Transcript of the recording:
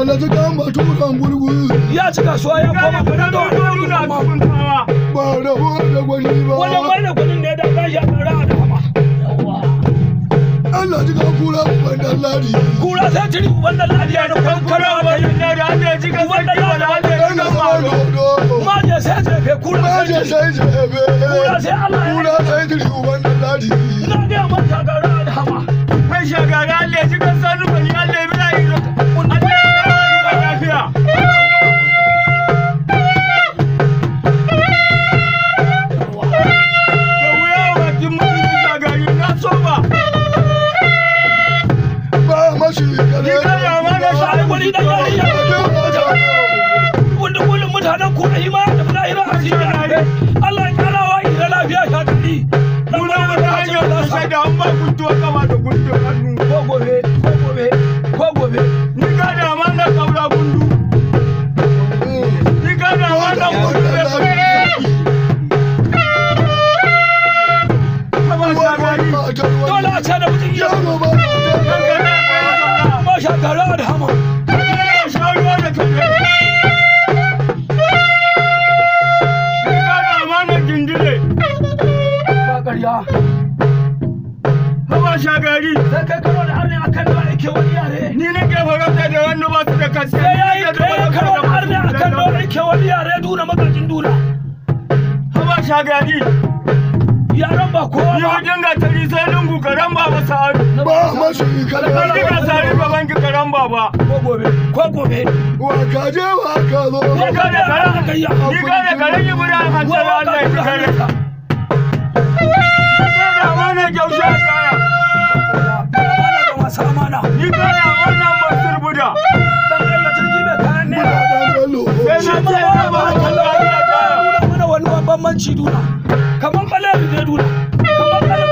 alhaji kan baturan gurgu ya ci kasuwa ya koma kudin da wani duna ba da wani da gwani ba wani wani da da ya a tsara da Allah ji kura uban ladi kura sai tiri uban ladi ya nufin kara ba ya ne da hanyar ji kan sai da hanyar ji kan malo ma je sai jefe kura sai je sai kura sai Allah kura sai tiri uban ladi na ga mata gara da mai shagara Kullum mutanen ku a yi ma da fita irin asiri a rabe. Allah ya kara wa ira lafiya sha gari. Muna wata hanyar da sai da an ba guntuwa kama da guntuwa hannu. Ko gobe, ko gobe, ko gobe. Ni ka da ma na kaura Ni ka da na da Dole a ce da mutum yau. karya Haba shagari sai kai karo da arni akan da yake wani yare ni ne ke farauta da wannan ba su da kasi sai yayi kai karo da arni akan da yake wani yare duna magajin duna Haba shagari yaran ba kowa ba yau dinga tari sai lungu karan ba ba sa'adu ba mashi karan ba dinga sari ba banki karan ba ba ko gobe ko gobe wa ka je wa ka zo ni ka da karan ni ka da karan ibra ka ma ta ya kare ka ci amana. Ni ya wannan Mansur Buda. Dan Allah jirgi mai kayan nera. Sai na ce na ba ta lafiya ta. Nuna mana wani bambanci duna. Kaman bala'i ne duna. Kaman